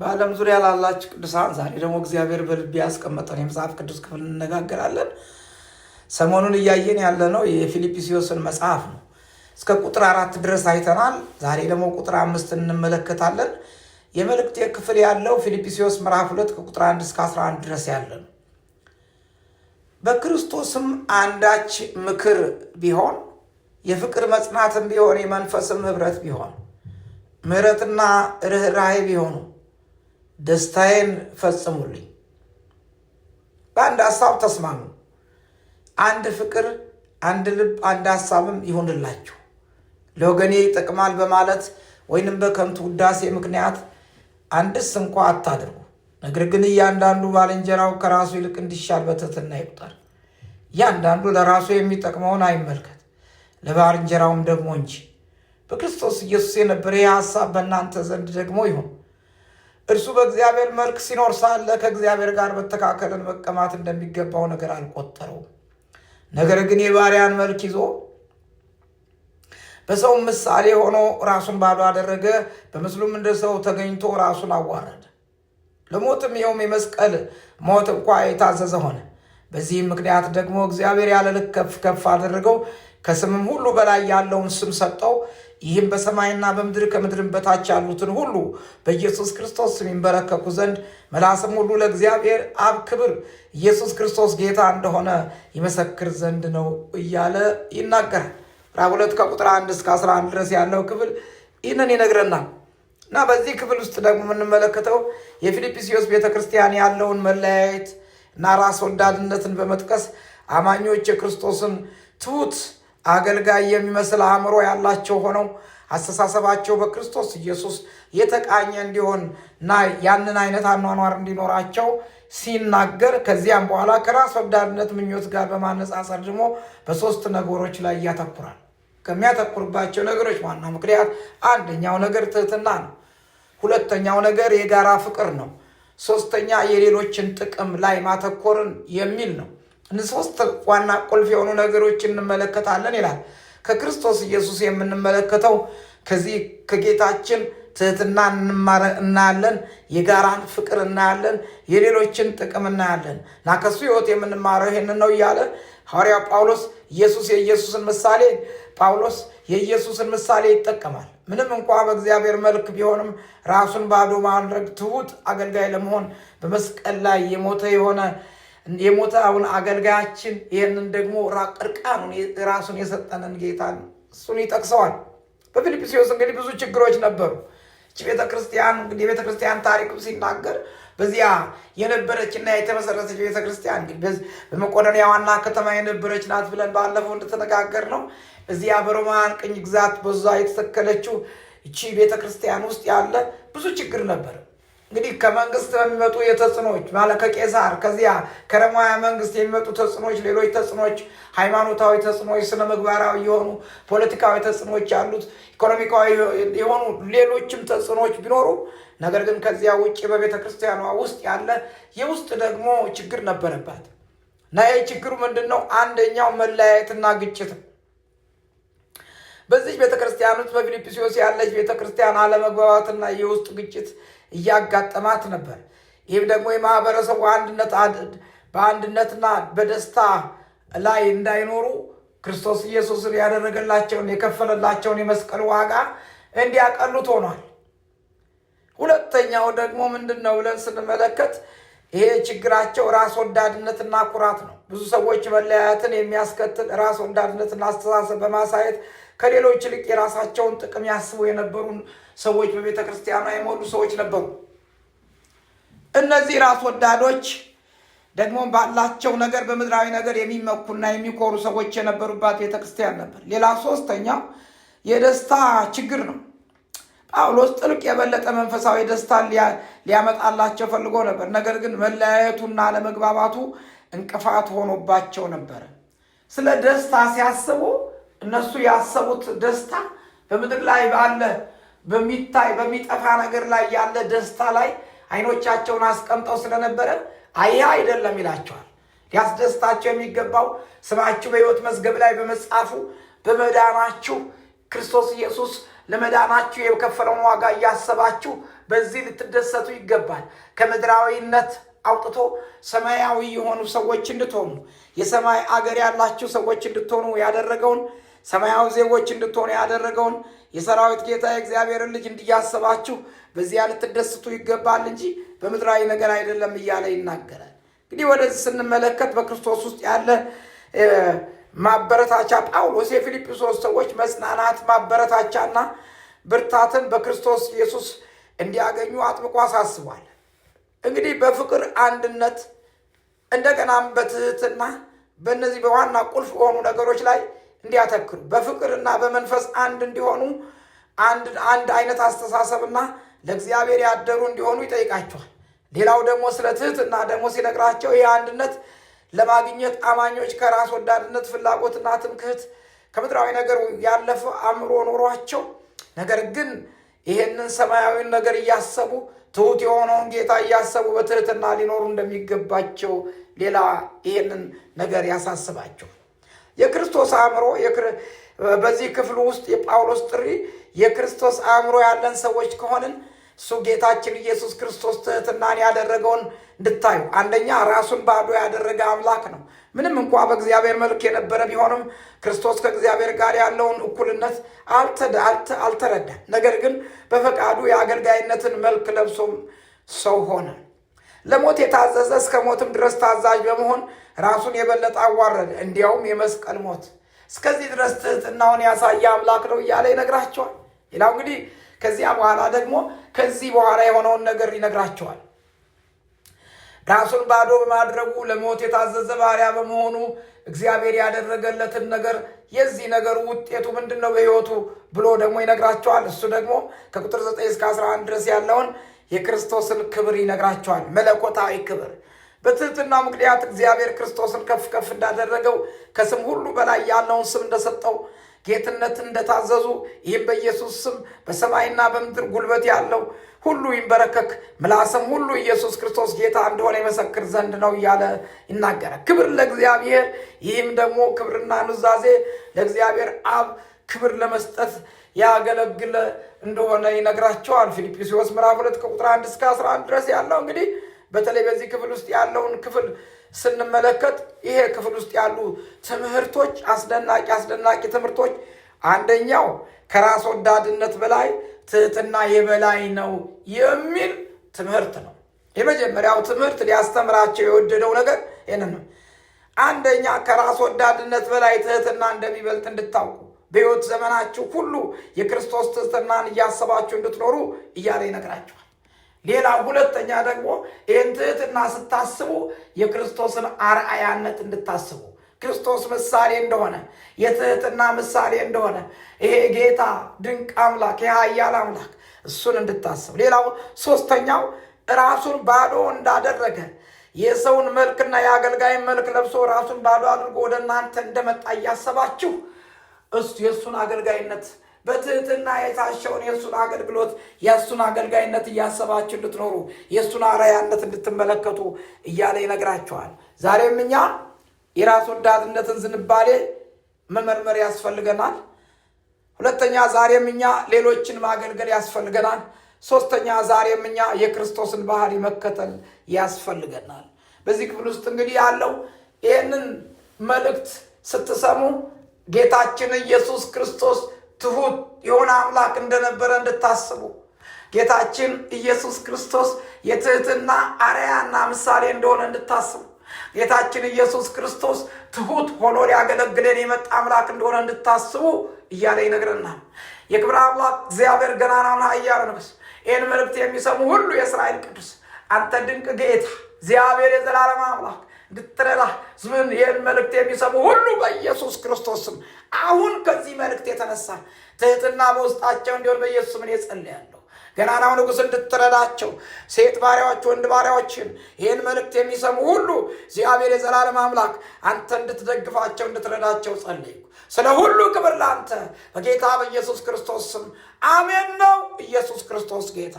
በዓለም ዙሪያ ላላችሁ ቅዱሳን ዛሬ ደግሞ እግዚአብሔር በልቤ ያስቀመጠን የመጽሐፍ ቅዱስ ክፍል እንነጋገራለን። ሰሞኑን እያየን ያለነው የፊልጵስዩስን መጽሐፍ ነው። እስከ ቁጥር አራት ድረስ አይተናል። ዛሬ ደግሞ ቁጥር አምስት እንመለከታለን። የመልእክቴ ክፍል ያለው ፊልጵስዩስ ምዕራፍ ሁለት ከቁጥር አንድ እስከ አስራ አንድ ድረስ ያለ ነው። በክርስቶስም አንዳች ምክር ቢሆን የፍቅር መጽናትም ቢሆን የመንፈስም ኅብረት ቢሆን ምሕረትና ርኅራኄ ቢሆኑ ደስታዬን ፈጽሙልኝ። በአንድ ሀሳብ ተስማሙ። አንድ ፍቅር፣ አንድ ልብ፣ አንድ ሀሳብም ይሁንላችሁ። ለወገኔ ይጠቅማል በማለት ወይንም በከንቱ ውዳሴ ምክንያት አንድስ እንኳ አታድርጉ። ነገር ግን እያንዳንዱ ባልንጀራው ከራሱ ይልቅ እንዲሻል በትሕትና ይቁጠር። እያንዳንዱ ለራሱ የሚጠቅመውን አይመልከት፣ ለባልንጀራውም ደግሞ እንጂ። በክርስቶስ ኢየሱስ የነበረ ይህ ሀሳብ በእናንተ ዘንድ ደግሞ ይሁን። እርሱ በእግዚአብሔር መልክ ሲኖር ሳለ ከእግዚአብሔር ጋር መተካከልን መቀማት እንደሚገባው ነገር አልቆጠረውም። ነገር ግን የባሪያን መልክ ይዞ በሰው ምሳሌ ሆኖ ራሱን ባዶ አደረገ፣ በምስሉም እንደ ሰው ተገኝቶ ራሱን አዋረደ፣ ለሞትም ይኸውም የመስቀል ሞት እንኳ የታዘዘ ሆነ። በዚህም ምክንያት ደግሞ እግዚአብሔር ያለ ልክ ከፍ ከፍ አደረገው፣ ከስምም ሁሉ በላይ ያለውን ስም ሰጠው። ይህም በሰማይና በምድር ከምድርም በታች ያሉትን ሁሉ በኢየሱስ ክርስቶስ ስም ይንበረከኩ ዘንድ መላስም ሁሉ ለእግዚአብሔር አብ ክብር ኢየሱስ ክርስቶስ ጌታ እንደሆነ ይመሰክር ዘንድ ነው እያለ ይናገራል። ምዕራፍ ሁለት ከቁጥር አንድ እስከ 11 ድረስ ያለው ክፍል ይህንን ይነግረናል። እና በዚህ ክፍል ውስጥ ደግሞ የምንመለከተው የፊልጵስዩስ ቤተክርስቲያን ያለውን መለያየት እና ራስ ወዳድነትን በመጥቀስ አማኞች የክርስቶስን ትሑት አገልጋይ የሚመስል አእምሮ ያላቸው ሆነው አስተሳሰባቸው በክርስቶስ ኢየሱስ የተቃኘ እንዲሆን ያንን አይነት አኗኗር እንዲኖራቸው ሲናገር ከዚያም በኋላ ከራስ ወዳድነት ምኞት ጋር በማነጻጸር ደግሞ በሶስት ነገሮች ላይ ያተኩራል። ከሚያተኩርባቸው ነገሮች ዋና ምክንያት አንደኛው ነገር ትህትና ነው። ሁለተኛው ነገር የጋራ ፍቅር ነው። ሶስተኛ የሌሎችን ጥቅም ላይ ማተኮርን የሚል ነው። ሶስት ዋና ቁልፍ የሆኑ ነገሮች እንመለከታለን ይላል። ከክርስቶስ ኢየሱስ የምንመለከተው ከዚህ ከጌታችን ትህትና እናያለን። የጋራን ፍቅር እናያለን። የሌሎችን ጥቅም እናያለን እና ከሱ ህይወት የምንማረው ይህንን ነው እያለ ሐዋርያ ጳውሎስ ኢየሱስ የኢየሱስን ምሳሌ ጳውሎስ የኢየሱስን ምሳሌ ይጠቀማል። ምንም እንኳ በእግዚአብሔር መልክ ቢሆንም ራሱን ባዶ ማድረግ ትሁት አገልጋይ ለመሆን በመስቀል ላይ የሞተ የሆነ አሁን አገልጋያችን ይህንን ደግሞ እርቃኑን ራሱን የሰጠንን ጌታ እሱን ይጠቅሰዋል። በፊልጵስዩስ እንግዲህ ብዙ ችግሮች ነበሩ። ቤተክርስቲያን እንግዲህ የቤተክርስቲያን ታሪክም ሲናገር በዚያ የነበረች እና የተመሰረተች ቤተክርስቲያን እንግዲህ ዋና ከተማ የነበረች ናት ብለን ባለፈው እንደተነጋገር ነው። እዚያ በሮማን ቅኝ ግዛት በዛ የተተከለችው እቺ ቤተክርስቲያን ውስጥ ያለ ብዙ ችግር ነበር። እንግዲህ ከመንግስት በሚመጡ የተጽዕኖች ማለት ከቄሳር ከዚያ ከሮማያ መንግስት የሚመጡ ተጽዕኖች፣ ሌሎች ተጽዕኖች፣ ሃይማኖታዊ ተጽዕኖች፣ ስነ ምግባራዊ የሆኑ ፖለቲካዊ ተጽዕኖች ያሉት ኢኮኖሚካዊ የሆኑ ሌሎችም ተጽዕኖች ቢኖሩ ነገር ግን ከዚያ ውጭ በቤተ ክርስቲያኗ ውስጥ ያለ የውስጥ ደግሞ ችግር ነበረባት እና ይህ ችግሩ ምንድን ነው? አንደኛው መለያየትና ግጭት በዚህ ቤተክርስቲያን ውስጥ በፊልጵስዩስ ያለች ቤተክርስቲያን አለመግባባትና የውስጥ ግጭት እያጋጠማት ነበር። ይህም ደግሞ የማህበረሰቡ አንድነት በአንድነትና በደስታ ላይ እንዳይኖሩ ክርስቶስ ኢየሱስን ያደረገላቸውን የከፈለላቸውን የመስቀል ዋጋ እንዲያቀሉት ሆኗል። ሁለተኛው ደግሞ ምንድን ነው ብለን ስንመለከት ይሄ ችግራቸው ራስ ወዳድነትና ኩራት ነው። ብዙ ሰዎች መለያየትን የሚያስከትል ራስ ወዳድነትና አስተሳሰብ በማሳየት ከሌሎች ይልቅ የራሳቸውን ጥቅም ያስቡ የነበሩ ሰዎች በቤተ ክርስቲያኗ የሞሉ ሰዎች ነበሩ። እነዚህ ራስ ወዳዶች ደግሞ ባላቸው ነገር በምድራዊ ነገር የሚመኩና የሚኮሩ ሰዎች የነበሩባት ቤተክርስቲያን ነበር። ሌላ ሶስተኛው የደስታ ችግር ነው። ጳውሎስ ጥልቅ የበለጠ መንፈሳዊ ደስታን ሊያመጣላቸው ፈልጎ ነበር። ነገር ግን መለያየቱና አለመግባባቱ እንቅፋት ሆኖባቸው ነበረ። ስለ ደስታ ሲያስቡ እነሱ ያሰቡት ደስታ በምድር ላይ ባለ በሚታይ በሚጠፋ ነገር ላይ ያለ ደስታ ላይ አይኖቻቸውን አስቀምጠው ስለነበረ አያ አይደለም ይላቸዋል። ሊያስደስታቸው የሚገባው ስማችሁ በሕይወት መዝገብ ላይ በመጻፉ በመዳናችሁ ክርስቶስ ኢየሱስ ለመዳናችሁ የከፈለውን ዋጋ እያሰባችሁ በዚህ ልትደሰቱ ይገባል። ከምድራዊነት አውጥቶ ሰማያዊ የሆኑ ሰዎች እንድትሆኑ የሰማይ አገር ያላችሁ ሰዎች እንድትሆኑ ያደረገውን ሰማያዊ ዜጎች እንድትሆኑ ያደረገውን የሰራዊት ጌታ የእግዚአብሔርን ልጅ እንዲያስባችሁ በዚያ ልትደስቱ ይገባል እንጂ በምድራዊ ነገር አይደለም እያለ ይናገራል። እንግዲህ ወደዚህ ስንመለከት በክርስቶስ ውስጥ ያለ ማበረታቻ ጳውሎስ የፊልጵሶስ ሰዎች መጽናናት ማበረታቻና ብርታትን በክርስቶስ ኢየሱስ እንዲያገኙ አጥብቆ አሳስቧል። እንግዲህ በፍቅር አንድነት፣ እንደገናም በትህትና በእነዚህ በዋና ቁልፍ በሆኑ ነገሮች ላይ እንዲያተክሩ በፍቅርና በመንፈስ አንድ እንዲሆኑ አንድ አይነት አስተሳሰብና ለእግዚአብሔር ያደሩ እንዲሆኑ ይጠይቃቸዋል። ሌላው ደግሞ ስለ ትህትና ደግሞ ሲነግራቸው ይህ አንድነት ለማግኘት አማኞች ከራስ ወዳድነት ፍላጎትና ትምክህት ከምድራዊ ነገር ያለፈ አእምሮ ኖሯቸው ነገር ግን ይህንን ሰማያዊን ነገር እያሰቡ ትሑት የሆነውን ጌታ እያሰቡ በትህትና ሊኖሩ እንደሚገባቸው ሌላ ይህንን ነገር ያሳስባቸው። የክርስቶስ አእምሮ በዚህ ክፍል ውስጥ የጳውሎስ ጥሪ የክርስቶስ አእምሮ ያለን ሰዎች ከሆንን እሱ ጌታችን ኢየሱስ ክርስቶስ ትህትናን ያደረገውን እንድታዩ። አንደኛ ራሱን ባዶ ያደረገ አምላክ ነው። ምንም እንኳ በእግዚአብሔር መልክ የነበረ ቢሆንም ክርስቶስ ከእግዚአብሔር ጋር ያለውን እኩልነት አልተረዳ ነገር ግን በፈቃዱ የአገልጋይነትን መልክ ለብሶም ሰው ሆነ። ለሞት የታዘዘ እስከ ሞትም ድረስ ታዛዥ በመሆን ራሱን የበለጠ አዋረደ፣ እንዲያውም የመስቀል ሞት። እስከዚህ ድረስ ትህትናውን ያሳየ አምላክ ነው እያለ ይነግራቸዋል። ሌላው እንግዲህ ከዚያ በኋላ ደግሞ ከዚህ በኋላ የሆነውን ነገር ይነግራቸዋል። ራሱን ባዶ በማድረጉ ለሞት የታዘዘ ባሪያ በመሆኑ እግዚአብሔር ያደረገለትን ነገር የዚህ ነገር ውጤቱ ምንድን ነው በሕይወቱ ብሎ ደግሞ ይነግራቸዋል። እሱ ደግሞ ከቁጥር 9 እስከ 11 ድረስ ያለውን የክርስቶስን ክብር ይነግራቸዋል። መለኮታዊ ክብር በትህትና ምክንያት እግዚአብሔር ክርስቶስን ከፍ ከፍ እንዳደረገው ከስም ሁሉ በላይ ያለውን ስም እንደሰጠው ጌትነት እንደታዘዙ ይህም በኢየሱስ ስም በሰማይና በምድር ጉልበት ያለው ሁሉ ይንበረከክ፣ ምላስም ሁሉ ኢየሱስ ክርስቶስ ጌታ እንደሆነ የመሰክር ዘንድ ነው እያለ ይናገራል። ክብር ለእግዚአብሔር። ይህም ደግሞ ክብርና ኑዛዜ ለእግዚአብሔር አብ ክብር ለመስጠት ያገለግለ እንደሆነ ይነግራቸዋል። ፊልጵስዎስ ምዕራፍ ሁለት ከቁጥር አንድ እስከ አስራ አንድ ድረስ ያለው እንግዲህ በተለይ በዚህ ክፍል ውስጥ ያለውን ክፍል ስንመለከት ይሄ ክፍል ውስጥ ያሉ ትምህርቶች አስደናቂ አስደናቂ ትምህርቶች፣ አንደኛው ከራስ ወዳድነት በላይ ትህትና የበላይ ነው የሚል ትምህርት ነው። የመጀመሪያው ትምህርት ሊያስተምራቸው የወደደው ነገር ይህንን ነው። አንደኛ ከራስ ወዳድነት በላይ ትህትና እንደሚበልጥ እንድታውቁ በሕይወት ዘመናችሁ ሁሉ የክርስቶስ ትህትናን እያሰባችሁ እንድትኖሩ እያለ ይነግራችኋል። ሌላ ሁለተኛ ደግሞ ይህን ትህትና ስታስቡ የክርስቶስን አርአያነት እንድታስቡ ክርስቶስ ምሳሌ እንደሆነ የትህትና ምሳሌ እንደሆነ ይሄ ጌታ ድንቅ አምላክ የሀያል አምላክ እሱን እንድታስብ። ሌላው ሶስተኛው ራሱን ባዶ እንዳደረገ የሰውን መልክና የአገልጋይ መልክ ለብሶ ራሱን ባዶ አድርጎ ወደ እናንተ እንደመጣ እያሰባችሁ የእሱን አገልጋይነት በትህትና የታሸውን የእሱን አገልግሎት የእሱን አገልጋይነት እያሰባችሁ እንድትኖሩ የእሱን አርአያነት እንድትመለከቱ እያለ ይነግራቸዋል። ዛሬም እኛ የራስ ወዳድነትን ዝንባሌ መመርመር ያስፈልገናል። ሁለተኛ ዛሬም እኛ ሌሎችን ማገልገል ያስፈልገናል። ሶስተኛ ዛሬም እኛ የክርስቶስን ባህሪ መከተል ያስፈልገናል። በዚህ ክፍል ውስጥ እንግዲህ ያለው ይህንን መልእክት ስትሰሙ ጌታችን ኢየሱስ ክርስቶስ ትሁት የሆነ አምላክ እንደነበረ እንድታስቡ ጌታችን ኢየሱስ ክርስቶስ የትህትና አርያና ምሳሌ እንደሆነ እንድታስቡ ጌታችን ኢየሱስ ክርስቶስ ትሁት ሆኖ ሊያገለግለን የመጣ አምላክ እንደሆነ እንድታስቡ እያለ ይነግረናል። የክብር አምላክ እግዚአብሔር ገናናና እያለ ንጉስ፣ ይህን መልእክት የሚሰሙ ሁሉ የእስራኤል ቅዱስ አንተ ድንቅ ጌታ እግዚአብሔር የዘላለም አምላክ እንድትረዳ ዝምን ይህን መልእክት የሚሰሙ ሁሉ በኢየሱስ ክርስቶስ ስም አሁን ከዚህ መልእክት የተነሳ ትህትና በውስጣቸው እንዲሆን በኢየሱስ ስም ጸልያለሁ። ገናናው ንጉሥ እንድትረዳቸው ሴት ባሪያዎች፣ ወንድ ባሪያዎችን ይህን መልእክት የሚሰሙ ሁሉ እግዚአብሔር የዘላለም አምላክ አንተ እንድትደግፋቸው እንድትረዳቸው ጸልይ። ስለ ሁሉ ክብር ለአንተ በጌታ በኢየሱስ ክርስቶስ ስም አሜን። ነው ኢየሱስ ክርስቶስ ጌታ